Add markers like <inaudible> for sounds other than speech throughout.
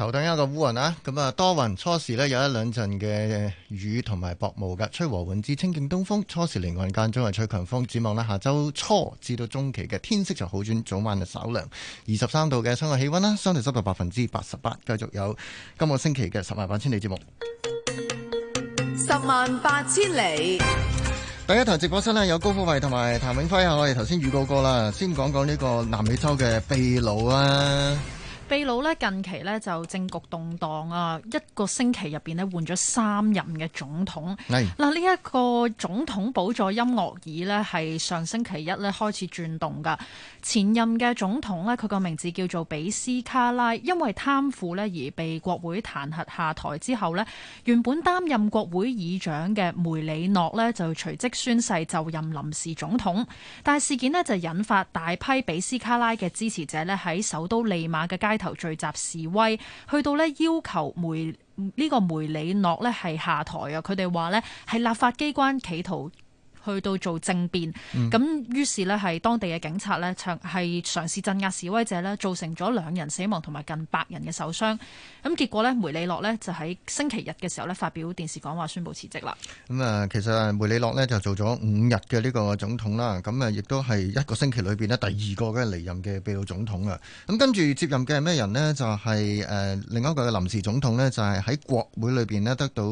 頭頂一個烏雲啊，咁啊多雲，初時呢，有一兩陣嘅雨同埋薄霧嘅，吹和緩至清勁東風，初時離岸間中係吹強風，展望呢，下周初至到中期嘅天色就好轉，早晚就稍涼，二十三度嘅室外氣溫啦，相對濕度百分之八十八，繼續有今個星期嘅十萬八千里節目，十萬八千里，第一台直播室呢，有高富慧同埋譚永輝啊，我哋頭先預告過啦，先講講呢個南美洲嘅秘魯啊。秘魯咧近期咧就政局動盪啊，一個星期入邊咧換咗三任嘅總統。係嗱是，呢一個總統寶座音樂椅咧係上星期一咧開始轉動噶。前任嘅總統咧佢個名字叫做比斯卡拉，因為貪腐咧而被國會彈劾下台之後咧，原本擔任國會議長嘅梅里諾咧就隨即宣誓就任臨時總統。但係事件咧就引發大批比斯卡拉嘅支持者咧喺首都利馬嘅街頭聚集示威，去到咧要求梅呢個梅里諾咧係下台啊！佢哋話咧係立法機關企圖。去到做政變，咁於是呢，係當地嘅警察呢，嘗係嘗試鎮壓示威者呢，造成咗兩人死亡同埋近百人嘅受傷。咁結果呢，梅里諾呢，就喺星期日嘅時候呢，發表電視講話，宣布辭職啦。咁啊、嗯，其實梅里諾呢，就做咗五日嘅呢個總統啦。咁啊，亦都係一個星期裏邊呢，第二個嘅離任嘅秘魯總統啊。咁跟住接任嘅係咩人呢？就係、是、誒另一個嘅臨時總統呢，就係喺國會裏邊呢，得到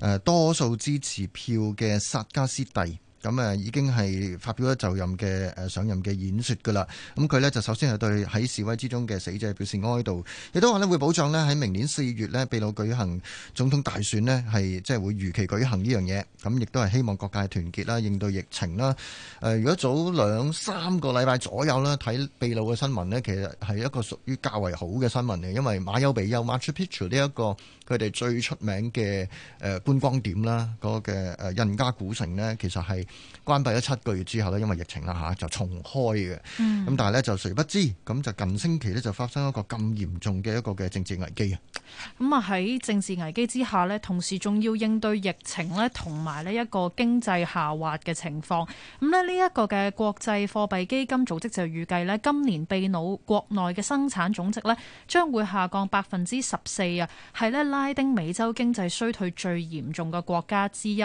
誒多數支持票嘅薩加斯蒂。咁啊已經係發表咗就任嘅誒上任嘅演説噶啦。咁佢咧就首先係對喺示威之中嘅死者表示哀悼。亦都話咧會保障咧喺明年四月咧秘魯舉行總統大選咧係即係會如期舉行呢樣嘢。咁亦都係希望各界團結啦，應對疫情啦。誒、呃、如果早兩三個禮拜左右呢睇，秘魯嘅新聞咧，其實係一個屬於較為好嘅新聞嚟，因為馬丘比丘馬丘比丘呢一個佢哋最出名嘅誒觀光點啦，嗰嘅誒印加古城咧，其實係。關閉咗七個月之後咧，因為疫情啦吓，就重開嘅。咁但係咧就誰不知，咁就近星期咧就發生一個咁嚴重嘅一個嘅政治危機。咁啊喺政治危機之下咧，同時仲要應對疫情咧，同埋咧一個經濟下滑嘅情況。咁咧呢一個嘅國際貨幣基金組織就預計咧，今年秘魯國內嘅生產總值咧將會下降百分之十四啊，係咧拉丁美洲經濟衰退最嚴重嘅國家之一。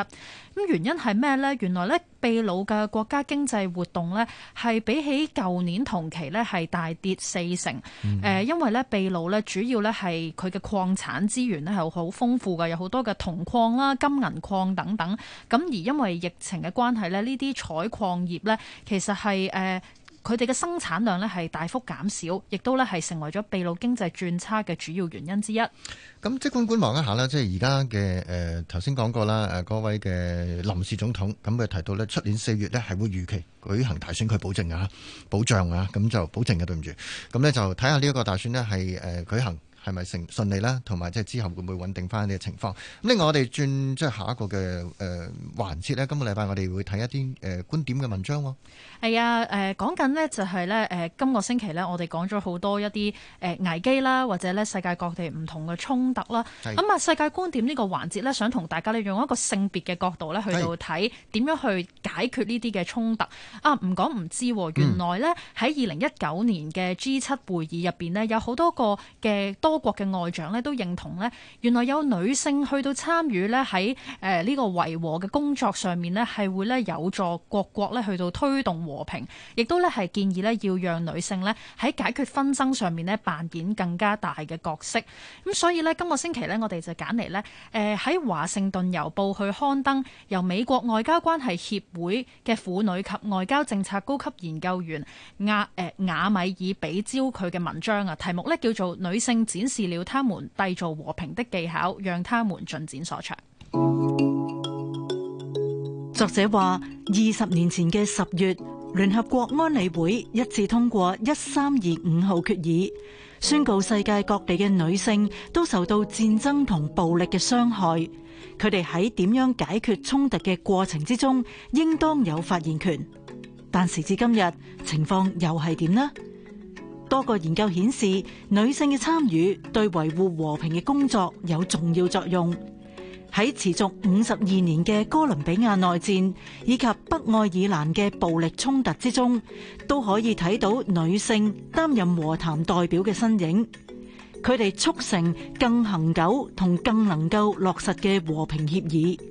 咁原因係咩呢？原來咧秘魯嘅國家經濟活動咧係比起舊年同期咧係大跌四成。誒、mm，hmm. 因為咧秘魯咧主要咧係佢嘅礦產資源咧係好豐富嘅，有好多嘅銅礦啦、金銀礦等等。咁而因為疫情嘅關係咧，呢啲採礦業咧其實係誒。呃佢哋嘅生產量咧係大幅減少，亦都咧係成為咗秘魯經濟轉差嘅主要原因之一。咁即管觀，觀望一下呢即係而家嘅誒頭先講過啦，嗰位嘅臨時總統咁佢提到呢出年四月呢係會預期舉行大選，佢保證啊，保障啊，咁就保證嘅，對唔住。咁呢就睇下呢一個大選呢係誒舉行。係咪成順利啦？同埋即係之後會唔會穩定翻呢個情況？另外，我哋轉即係下一個嘅誒、呃、環節咧，今個禮拜我哋會睇一啲誒觀點嘅文章喎。係啊，誒講緊呢就係咧誒今個星期咧，呃哦哎呃呃、期我哋講咗好多一啲誒危機啦，或者咧世界各地唔同嘅衝突啦。咁啊是，世界觀點呢個環節咧，想同大家咧用一個性別嘅角度咧去到睇點是樣去解決呢啲嘅衝突。啊，唔講唔知，原來咧喺二零一九年嘅 G 七會議入邊呢，嗯、有好多個嘅多國嘅外長咧都認同咧，原來有女性去到參與咧喺誒呢個維和嘅工作上面咧，係會咧有助各國國咧去到推動和平，亦都咧係建議咧要讓女性咧喺解決紛爭上面咧扮演更加大嘅角色。咁所以咧，今個星期咧，我哋就揀嚟咧誒喺華盛頓郵報去刊登由美國外交關係協會嘅婦女及外交政策高級研究員亞誒雅、呃、米爾比焦佢嘅文章啊，題目咧叫做女性指，展示了他們締造和平的技巧，讓他們盡展所長。作者話：二十年前嘅十月，聯合國安理會一致通過一三二五號決議，宣告世界各地嘅女性都受到戰爭同暴力嘅傷害。佢哋喺點樣解決衝突嘅過程之中，應當有發言權。但時至今日，情況又係點呢？多個研究顯示女性嘅參與對維護和平嘅工作有重要作用。喺持続五十二年嘅哥倫比亞內戰以及北愛爾蘭嘅暴力衝突之中都可以睇到，女性擔任和談代表嘅身影，佢哋促成更恆久同更能夠落實嘅和平協議。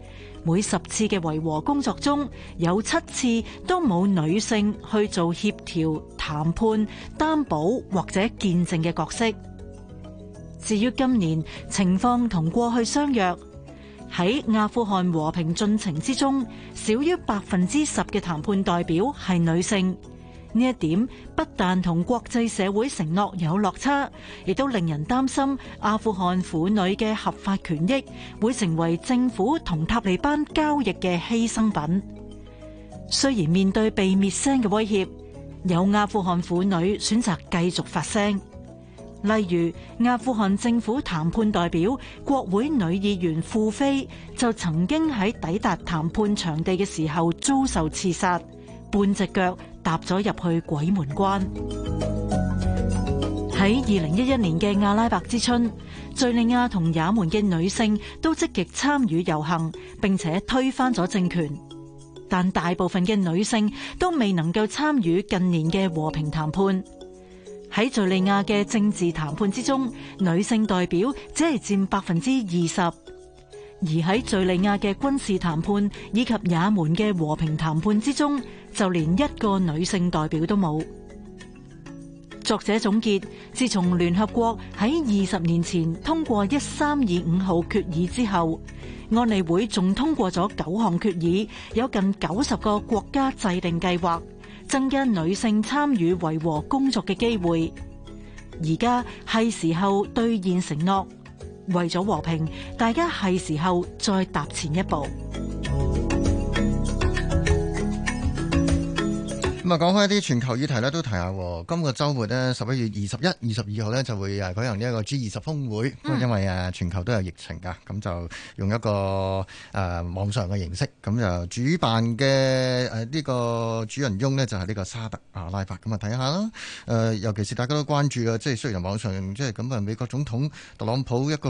每十次嘅維和工作中，有七次都冇女性去做協調、談判、擔保或者見證嘅角色。至於今年情況同過去相約，喺阿富汗和平進程之中，少於百分之十嘅談判代表係女性。呢一點不但同國際社會承諾有落差，亦都令人擔心阿富汗婦女嘅合法權益會成為政府同塔利班交易嘅犧牲品。雖然面對被滅聲嘅威脅，有阿富汗婦女選擇繼續發聲。例如，阿富汗政府談判代表、國會女議員付菲就曾經喺抵達談判場地嘅時候遭受刺殺，半隻腳踏咗入去鬼門關。喺二零一一年嘅阿拉伯之春，敘利亞同也門嘅女性都積極參與遊行，並且推翻咗政權。但大部分嘅女性都未能夠參與近年嘅和平談判。喺敘利亞嘅政治談判之中，女性代表只係佔百分之二十。而喺敘利亞嘅軍事談判以及也門嘅和平談判之中，就連一個女性代表都冇。作者總結：自從聯合國喺二十年前通過一三二五號決議之後，安理會仲通過咗九項決議，有近九十個國家制定計劃，增加女性參與維和工作嘅機會。而家係時候兌現承諾。為咗和平，大家係時候再踏前一步。咁講開啲全球議題呢都提下。今個周末呢，十一月二十一、二十二號呢就會誒舉行呢一個 G 二十峰會。嗯、因為誒全球都有疫情噶，咁就用一個誒、呃、網上嘅形式。咁就主辦嘅誒呢個主人翁呢，就係呢個沙特阿拉伯咁啊，睇下啦。誒、呃，尤其是大家都關注啊，即係雖然網上即係咁啊，美國總統特朗普一個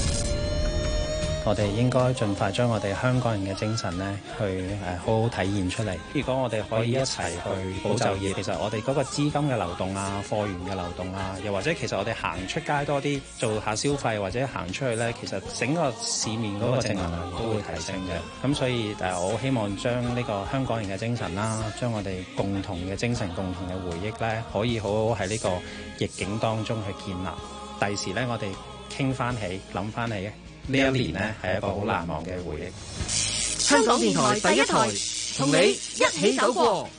我哋應該盡快將我哋香港人嘅精神咧，去好好體現出嚟。如果我哋可以一齊去補救嘢，其實我哋嗰個資金嘅流動啊、貨源嘅流動啊，又或者其實我哋行出街多啲，做下消費或者行出去咧，其實整個市面嗰個正能量都會提升嘅。咁所以誒，我好希望將呢個香港人嘅精神啦、啊，將我哋共同嘅精神、共同嘅回憶咧，可以好好喺呢個逆境當中去建立。第時咧，我哋傾翻起，諗翻起。呢一年呢，係一個好難忘嘅回憶。香港電台第一台，同你一起走過。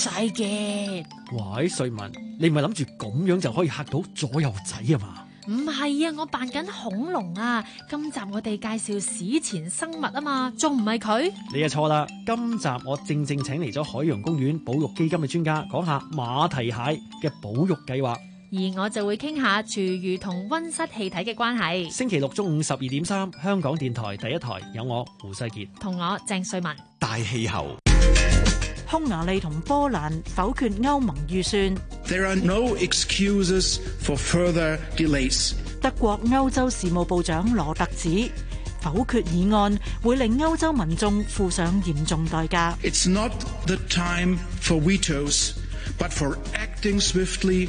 世杰， <music> 喂，瑞文，你唔係諗住咁樣就可以嚇到左右仔啊嘛？唔係啊，我扮緊恐龍啊！今集我哋介紹史前生物啊嘛，仲唔係佢？你又錯啦！今集我正正請嚟咗海洋公園保育基金嘅專家，講下馬蹄蟹嘅保育計劃。而我就會傾下廚餘同温室氣體嘅關係。星期六中午十二點三，香港電台第一台有我胡世傑同我鄭瑞文。大氣候，匈牙利同波蘭否決歐盟預算。There are no excuses for further delays。德國歐洲事務部長羅特指否決議案會令歐洲民眾付上嚴重代價。It's not the time for vetoes, but for acting swiftly。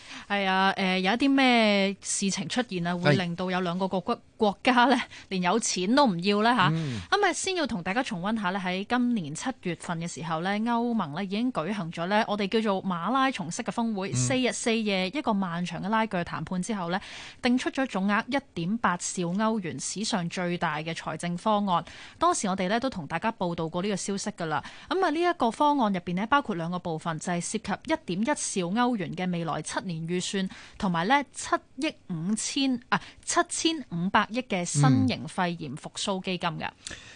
係啊，誒、呃、有一啲咩事情出現啊，會令到有兩個骨骨。國家呢連有錢都唔要啦。吓、mm，咁、hmm. 啊先要同大家重温下呢，喺今年七月份嘅時候呢，歐盟呢已經舉行咗呢我哋叫做馬拉松式嘅峰會，mm hmm. 四日四夜一個漫長嘅拉鋸談判之後呢，定出咗總額一點八兆歐元史上最大嘅財政方案。當時我哋呢都同大家報道過呢個消息㗎啦。咁啊呢一個方案入邊，呢包括兩個部分，就係、是、涉及一點一兆歐元嘅未來七年預算，同埋呢七億五千啊七千五百。7, 億嘅新型肺炎復蘇基金嘅，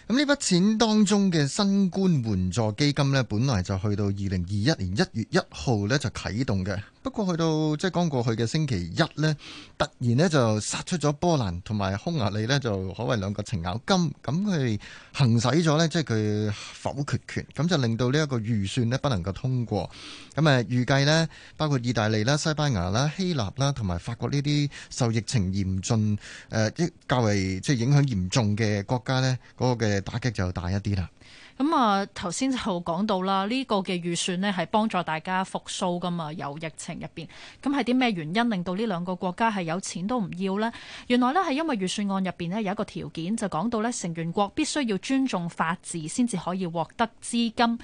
咁呢筆錢當中嘅新冠援助基金咧，本來就去到二零二一年一月一號咧就啟動嘅，不過去到即係剛過去嘅星期一咧，突然咧就殺出咗波蘭同埋匈牙利咧，就可謂兩個程咬金，咁佢行使咗咧，即係佢否決權，咁就令到呢一個預算咧不能夠通過，咁誒預計咧，包括意大利啦、西班牙啦、希臘啦同埋法國呢啲受疫情嚴峻誒、呃較為即係影響嚴重嘅國家咧，嗰、那個嘅打擊就大一啲啦。咁啊，頭先就講到啦，呢個嘅預算咧係幫助大家復甦噶嘛，有疫情入邊，咁係啲咩原因令到呢兩個國家係有錢都唔要咧？原來咧係因為預算案入邊咧有一個條件，就講到咧成員國必須要尊重法治先至可以獲得資金。咁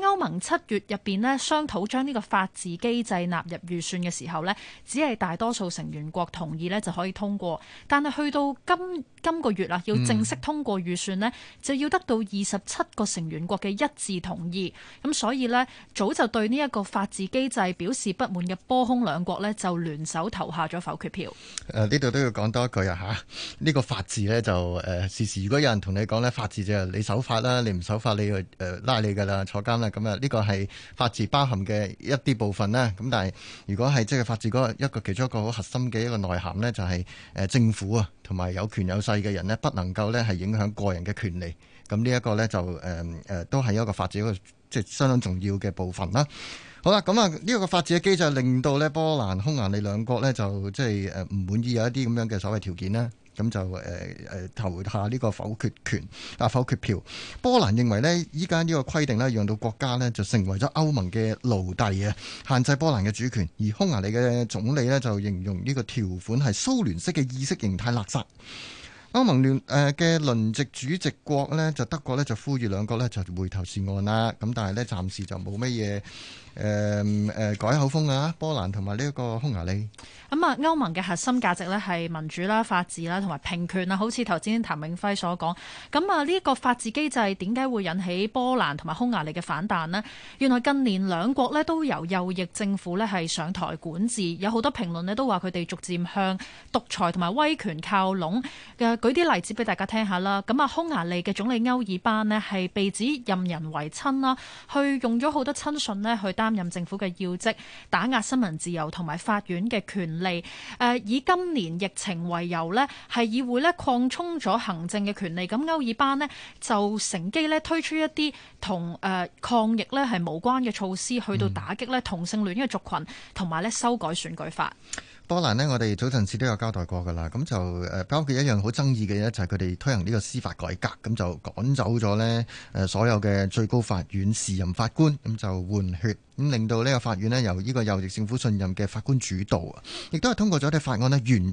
歐盟七月入邊咧商討將呢個法治機制納入預算嘅時候咧，只係大多數成員國同意咧就可以通過，但係去到今今個月啊，要正式通過預算咧，嗯、就要得到二十七個。成員國嘅一致同意，咁所以呢，早就對呢一個法治機制表示不滿嘅波匈兩國呢，就聯手投下咗否決票。誒、呃，呢度都要講多一句啊吓，呢、這個法治呢，就誒、呃，時時如果有人同你講呢，法治就係你守法啦，你唔守法你去誒、呃、拉你噶啦，坐監啦。咁啊，呢個係法治包含嘅一啲部分啦。咁但係如果係即係法治嗰一個其中一個好核心嘅一個內涵呢、就是，就係誒政府啊同埋有權有勢嘅人呢，不能夠呢係影響個人嘅權利。咁呢一個呢，就誒、嗯呃、都係一個法治一個即係相當重要嘅部分啦。好啦，咁啊呢個法治嘅機制令到呢，波蘭、匈牙利兩國呢，就即係唔滿意有一啲咁樣嘅所謂條件啦。咁、嗯、就誒、呃、投下呢個否決權啊，否決票。波蘭認為呢，依家呢個規定呢，讓到國家呢，就成為咗歐盟嘅奴隸啊，限制波蘭嘅主權。而匈牙利嘅總理呢，就形容呢個條款係蘇聯式嘅意識形態垃圾。歐盟聯嘅輪值主席國呢，就德國呢，就呼籲兩國呢，就回頭是岸啦。咁但係呢，暫時就冇乜嘢。誒誒、嗯嗯，改口風啊！波蘭同埋呢個匈牙利咁啊，歐盟嘅核心價值呢，係民主啦、法治啦同埋平權啊。好似頭先譚永輝所講，咁啊呢個法治機制點解會引起波蘭同埋匈牙利嘅反彈呢？原來近年兩國呢，都由右翼政府呢係上台管治，有好多評論呢，都話佢哋逐漸向獨裁同埋威權靠攏。嘅舉啲例子俾大家聽下啦。咁啊，匈牙利嘅總理歐爾班呢，係被指任人唯親啦，去用咗好多親信呢去。擔任政府嘅要職，打壓新聞自由同埋法院嘅權力。誒、呃，以今年疫情為由咧，係議會咧擴充咗行政嘅權力。咁歐爾班咧就乘機咧推出一啲同誒抗疫咧係無關嘅措施，去到打擊咧同性戀嘅族群，同埋咧修改選舉法。波蘭呢，我哋早陣時都有交代過㗎啦。咁就誒，包括一樣好爭議嘅嘢，就係佢哋推行呢個司法改革，咁就趕走咗呢誒所有嘅最高法院時任法官，咁就換血，咁令到呢個法院呢，由呢個右翼政府信任嘅法官主導啊。亦都係通過咗啲法案呢，完全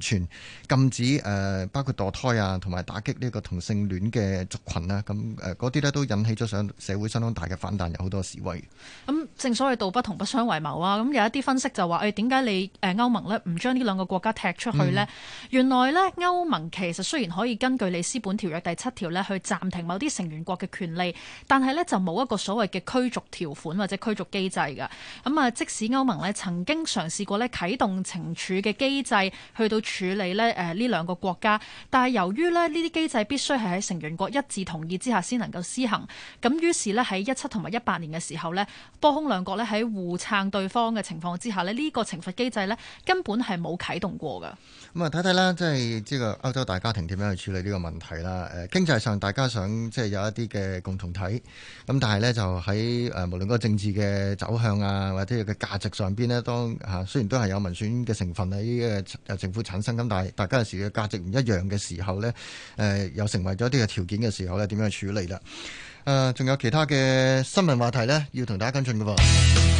禁止誒包括墮胎啊，同埋打擊呢個同性戀嘅族群啊。咁誒嗰啲呢，都引起咗上社會相當大嘅反彈，有好多示威。咁正所謂道不同不相為謀啊。咁有一啲分析就話誒點解你誒歐盟呢，唔將呢兩個國家踢出去呢？嗯、原來呢，歐盟其實雖然可以根據里斯本條約第七條呢去暫停某啲成員國嘅權利，但係呢就冇一個所謂嘅驅逐條款或者驅逐機制嘅。咁、嗯、啊，即使歐盟咧曾經嘗試過呢啟動懲處嘅機制去到處理咧誒呢兩個國家，但係由於咧呢啲機制必須係喺成員國一致同意之下先能夠施行，咁於是呢，喺一七同埋一八年嘅時候呢，波匈兩國呢喺互撐對方嘅情況之下呢，呢、呢個懲罰機制呢根本係冇啟動過噶，咁啊，睇睇啦，即係即個歐洲大家庭點樣去處理呢個問題啦？誒，經濟上大家想即係有一啲嘅共同體，咁但係呢，就喺誒無論嗰個政治嘅走向啊，或者佢嘅價值上邊呢，當吓雖然都係有民選嘅成分喺政府產生，咁但係大家有時嘅價值唔一樣嘅時候呢，誒又成為咗啲嘅條件嘅時候呢，點樣去處理啦？誒，仲有其他嘅新聞話題呢，要同大家跟進嘅喎。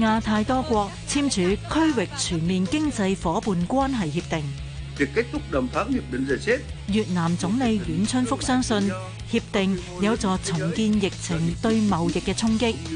亞太多國簽署區域全面經濟夥伴關係協定。越南總理阮春福相信協定有助重建疫情對貿易嘅衝擊。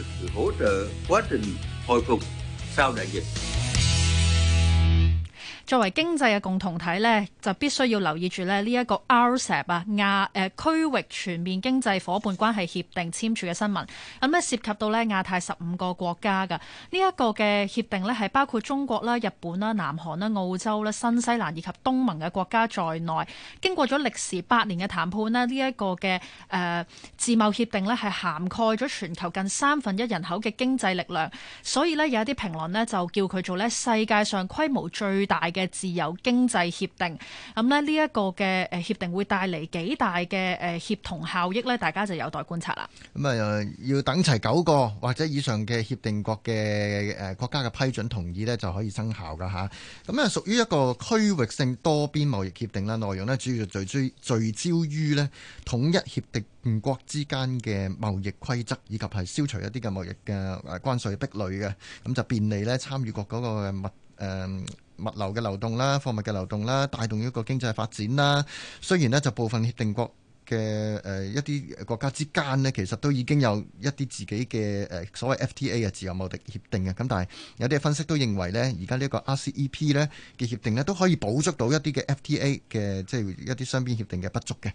作為經濟嘅共同體呢，就必須要留意住咧呢一個 RCEP 啊，亞誒、呃、區域全面經濟夥伴關係協定簽署嘅新聞，咁咧涉及到咧亞太十五個國家嘅呢一個嘅協定呢係包括中國啦、日本啦、南韓啦、澳洲啦、新西蘭以及東盟嘅國家在內。經過咗歷時八年嘅談判咧，呢、這、一個嘅誒、呃、自貿協定咧係涵蓋咗全球近三分一人口嘅經濟力量，所以呢，有一啲評論呢就叫佢做咧世界上規模最大嘅。自由經濟協定，咁咧呢一個嘅誒協定會帶嚟幾大嘅誒協同效益咧？大家就有待觀察啦。咁啊，要等齊九個或者以上嘅協定國嘅誒國家嘅批准同意咧，就可以生效噶吓，咁啊，屬於一個區域性多邊貿易協定啦。內容咧主要聚焦聚焦於咧統一協定國之間嘅貿易規則，以及係消除一啲嘅貿易嘅關稅壁壘嘅。咁就便利咧參與國嗰個物誒。嗯物流嘅流動啦，貨物嘅流動啦，帶動一個經濟發展啦。雖然呢，就部分協定國嘅誒一啲國家之間呢，其實都已經有一啲自己嘅誒所謂 FTA 啊自由貿易協定嘅。咁但係有啲分析都認為呢，而家呢個 RCEP 呢嘅協定呢，都可以補足到一啲嘅 FTA 嘅即係一啲雙邊協定嘅不足嘅。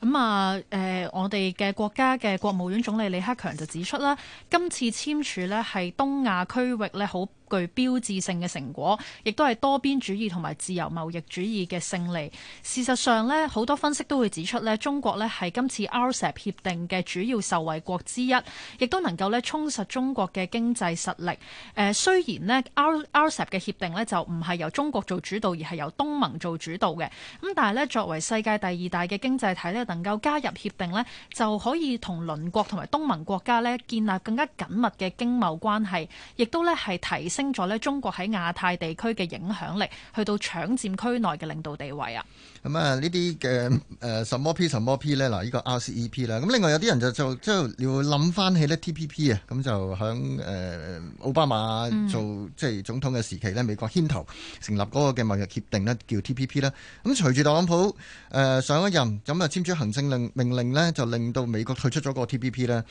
咁啊，誒、呃、我哋嘅國家嘅國務院總理李克強就指出啦，今次簽署呢係東亞區域呢。好。具標誌性嘅成果，亦都係多邊主義同埋自由貿易主義嘅勝利。事實上咧，好多分析都會指出咧，中國咧係今次 RCEP 協定嘅主要受惠國之一，亦都能夠咧充實中國嘅經濟實力。誒、呃、雖然咧 R RCEP 嘅協定咧就唔係由中國做主導而係由東盟做主導嘅。咁但係咧，作為世界第二大嘅經濟體咧，能夠加入協定咧，就可以同鄰國同埋東盟國家咧建立更加緊密嘅經貿關係，亦都咧係提。升咗咧，中國喺亞太地區嘅影響力，去到搶占區內嘅領導地位啊！咁啊，呢啲嘅誒，什麼 P 什麼 P 咧嗱，呢個 RCEP 啦。咁另外有啲人就就即係要諗翻起咧 TPP 啊，咁就響誒奧巴馬做即係總統嘅時期咧，美國牽頭成立嗰個嘅貿易協定呢叫 TPP 啦。咁隨住特朗普誒上一任，咁啊簽署行政令命令呢就令到美國退出咗個 TPP 咧，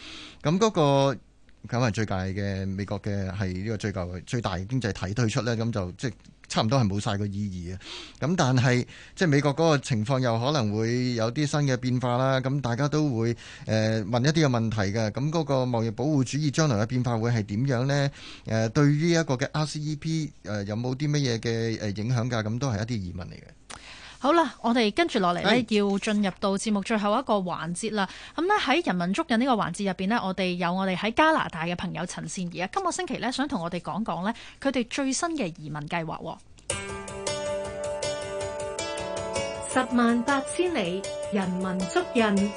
咁嗰個。咁係最，最大嘅美國嘅係呢個最舊最大經濟體退出呢，咁就即係差唔多係冇晒個意義啊！咁但係即係美國嗰個情況又可能會有啲新嘅變化啦。咁大家都會誒、呃、問一啲嘅問題嘅。咁嗰個貿易保護主義將來嘅變化會係點樣呢？誒、呃，對於一個嘅 RCEP 誒、呃、有冇啲乜嘢嘅誒影響㗎？咁都係一啲疑問嚟嘅。好啦，我哋跟住落嚟咧，要進入到節目最後一個環節啦。咁咧喺人文足印呢個環節入邊呢，我哋有我哋喺加拿大嘅朋友陳善宜啊，今個星期咧想同我哋講講咧佢哋最新嘅移民計劃。十萬八千里，人文足印。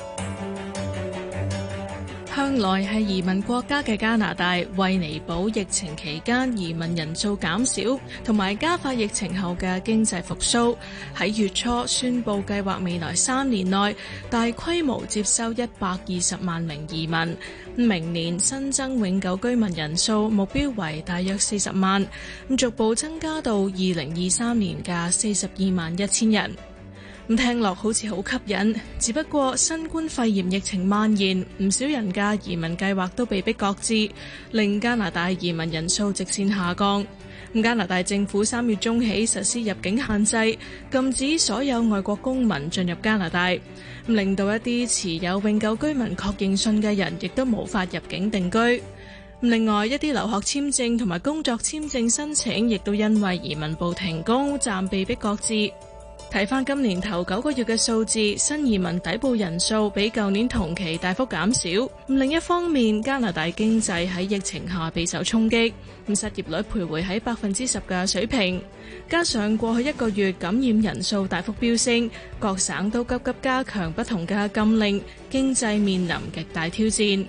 向來係移民國家嘅加拿大，為彌補疫情期間移民人數減少，同埋加快疫情後嘅經濟復甦，喺月初宣布計劃未來三年內大規模接收一百二十萬名移民。明年新增永久居民人數目標為大約四十萬，逐步增加到二零二三年嘅四十二萬一千人。咁聽落好似好吸引，只不過新冠肺炎疫情蔓延，唔少人嘅移民計劃都被逼擱置，令加拿大移民人數直線下降。加拿大政府三月中起實施入境限制，禁止所有外國公民進入加拿大，令到一啲持有永久居民確認信嘅人亦都無法入境定居。另外一啲留學簽證同埋工作簽證申請亦都因為移民部停工，暫被逼擱置。睇返今年頭九個月嘅數字，新移民抵埠人數比舊年同期大幅減少。另一方面，加拿大經濟喺疫情下備受衝擊，咁失業率徘徊喺百分之十嘅水平。加上過去一個月感染人數大幅飆升，各省都急急加強不同嘅禁令，經濟面臨極大挑戰。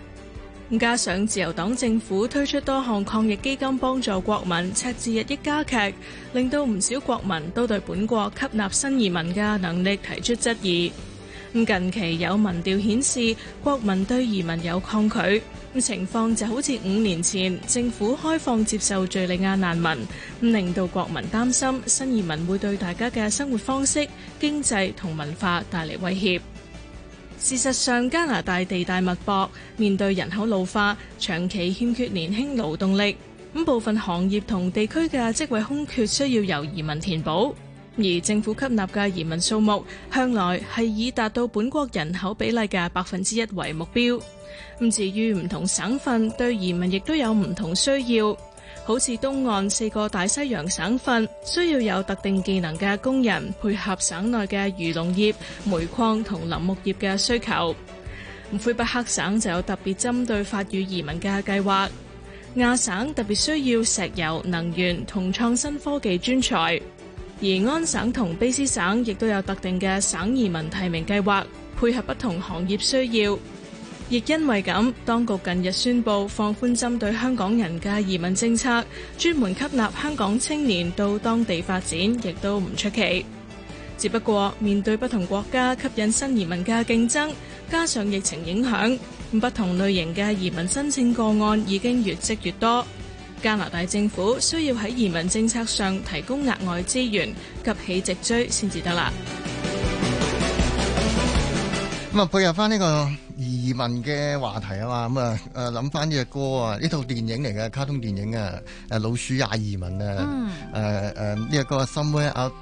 加上自由黨政府推出多項抗疫基金幫助國民，赤字日益加劇，令到唔少國民都對本國吸納新移民嘅能力提出質疑。咁近期有民調顯示，國民對移民有抗拒。咁情況就好似五年前政府開放接受敘利亞難民，令到國民擔心新移民會對大家嘅生活方式、經濟同文化帶嚟威脅。事實上，加拿大地大物博，面對人口老化，長期欠缺年輕勞動力，咁部分行業同地區嘅職位空缺需要由移民填補。而政府吸納嘅移民數目，向來係以達到本國人口比例嘅百分之一為目標。咁至於唔同省份對移民亦都有唔同需要。好似東岸四個大西洋省份需要有特定技能嘅工人配合省內嘅漁農業、煤礦同林木業嘅需求。魁北克省就有特別針對法語移民嘅計劃。亞省特別需要石油能源同創新科技專才，而安省同卑斯省亦都有特定嘅省移民提名計劃，配合不同行業需要。亦因為咁，當局近日宣布放寬針對香港人嘅移民政策，專門吸納香港青年到當地發展，亦都唔出奇。只不過面對不同國家吸引新移民嘅競爭，加上疫情影響，不同類型嘅移民申請個案已經越積越多。加拿大政府需要喺移民政策上提供額外資源急起直追先至得啦。咁啊，配合翻呢個移民嘅話題啊嘛，咁啊，誒諗翻隻歌啊，呢套電影嚟嘅卡通電影啊，誒老鼠也移民啊，誒誒呢個歌啊。